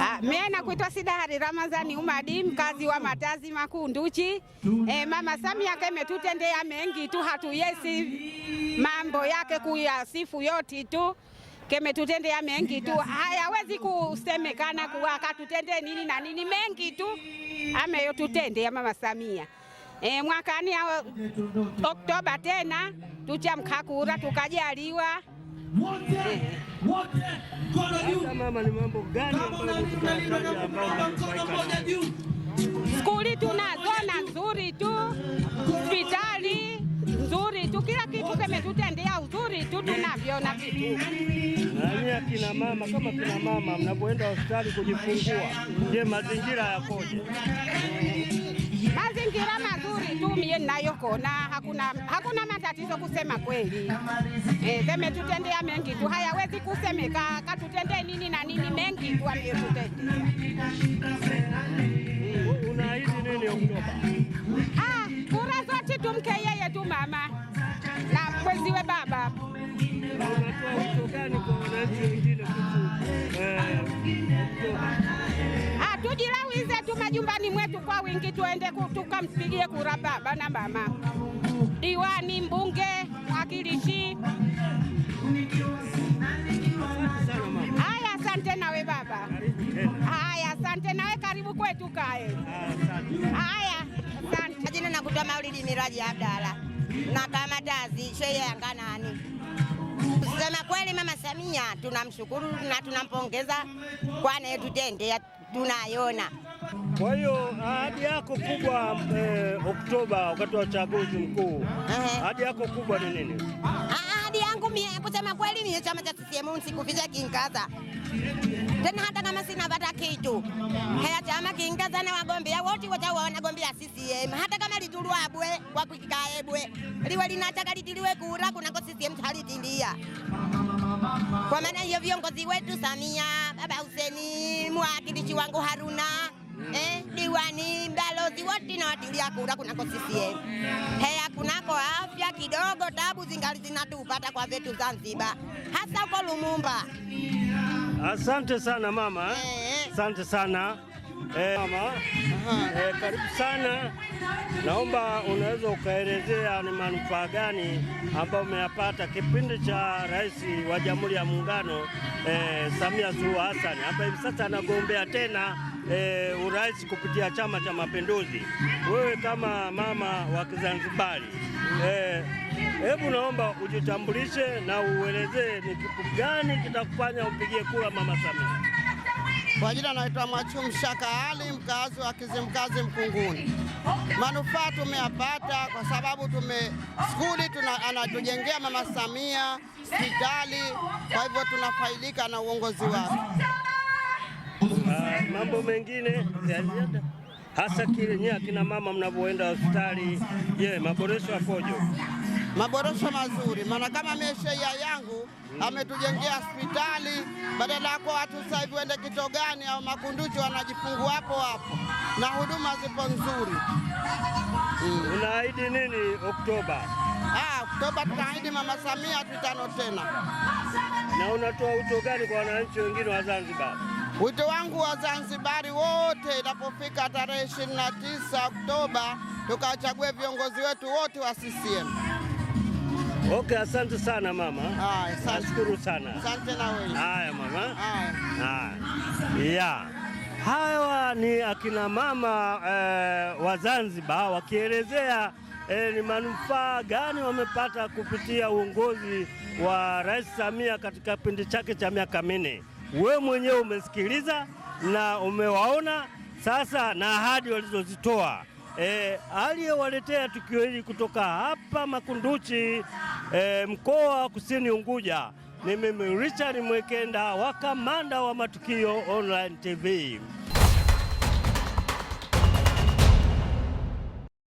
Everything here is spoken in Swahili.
Ah, ah, Mie nakuitwa Sidahari Ramazani Umadi, mkazi wa Matazi makunduchi Nduchi. E, Mama Samia kemetutendea mengi tu, hatuyesi mambo yake kuyasifu yoti tu kemetutendea mengi tu, hayawezi kusemekana kuwa akatutendee nini na nini, mengi tu ameyotutendea Mama Samia. E, mwakani Oktoba tena tuchamkakura tukajaliwa wote wote, mkono juu. Kama unalinda na mkono mmoja juu. Skuli tunazona nzuri tu, hospitali nzuri tu, kila kitu kimetutendea uzuri tu, tunavyona vitu. Nani akina mama, kama kina mama mnapoenda hospitali kujifungua, je, mazingira yakoje? mnayokuona hakuna, hakuna matatizo kusema kweli. E, tutendea mengi tu, hayawezi kusemeka katutendee nini na nini, mengi tu ametutendea. Ah, kura zote tumke yeye tu mama na mweziwe baba. ah, wito shughuli zetu majumbani mwetu kwa wingi, tuende tukampigie kura baba na mama, diwani, mbunge, wakilishi. Haya, asante nawe baba. Haya, asante nawe, karibu kwetu kae. Haya, asante. Majina nakuta Maulidi Miraji Abdala na kamatazi sheye yanganani Kusema kweli, Mama Samia tunamshukuru na tunampongeza kwa anayetutendea tunayona. Kwa hiyo ahadi yako kubwa eh, Oktoba wakati wa uchaguzi mkuu, ahadi yako kubwa ni nini? yangu mie, kusema kweli, ni chama cha CCM sikuficha kinkaza tena, hata kama sinapata kitu haya chama kinkaza na wagombea wote wanagombea CCM, hata kama litulwabwe kwa kukaebwe liwe linataka litiliwe kura kunako CCM halitindia. Kwa maana hiyo viongozi wetu Samia, Baba Huseni, mwakilishi wangu Haruna, eh, diwani viongozi wote na kura kunako CCM. Hea kunako afya kidogo, tabu zingali zinatupata kwa vetu Zanzibar, hasa kwa Lumumba. Asante sana mama, eh. asante sana eh, mama eh, karibu sana. Naomba unaweza ukaelezea ni manufaa gani ambayo umeyapata kipindi cha rais wa Jamhuri ya Muungano eh, Samia Suluhu Hassan ambaye hivi sasa anagombea tena e, urais kupitia Chama cha Mapinduzi. Wewe kama mama wa Kizanzibari, eh, hebu e, naomba ujitambulishe na uelezee ni kitu gani kitakufanya upigie kura mama Samia. Kwa jina naitwa Mwachum Shaka Ali, mkazi wa Kizimkazi Mkunguni. Manufaa tumeyapata kwa sababu tume skuli tuna, anatujengea mama Samia hospitali, kwa hivyo tunafaidika na uongozi wake. Ah, mambo mengine hasa kilenye akina mama mnapoenda hospitali, je, maboresho yakoje? Maboresho mazuri, maana kama mesheia yangu mm, ametujengea hospitali badala yako watu sasa hivi waende Kitogani au Makunduchi, wanajifungua hapo hapo na huduma zipo nzuri mm. Unaahidi nini Oktoba? Ah, Oktoba tunaahidi Mama Samia tutano tena. Na unatoa wito gani kwa wananchi wengine wa Zanzibar? Wito wangu wa Zanzibari wote, inapofika tarehe 29 Oktoba tukachague viongozi wetu wote wa CCM. Okay, asante sana mama. Haya, nashukuru sana. Asante na wewe. Haya mama. Haya. Hawa ni akina mama eh, wa Zanzibar wakielezea eh, ni manufaa gani wamepata kupitia uongozi wa Rais Samia katika kipindi chake cha miaka minne we mwenyewe umesikiliza na umewaona sasa na ahadi walizozitoa. E, aliyewaletea tukio hili kutoka hapa Makunduchi e, mkoa wa Kusini Unguja ni mimi Richard Mwekenda wa Kamanda wa Matukio Online TV.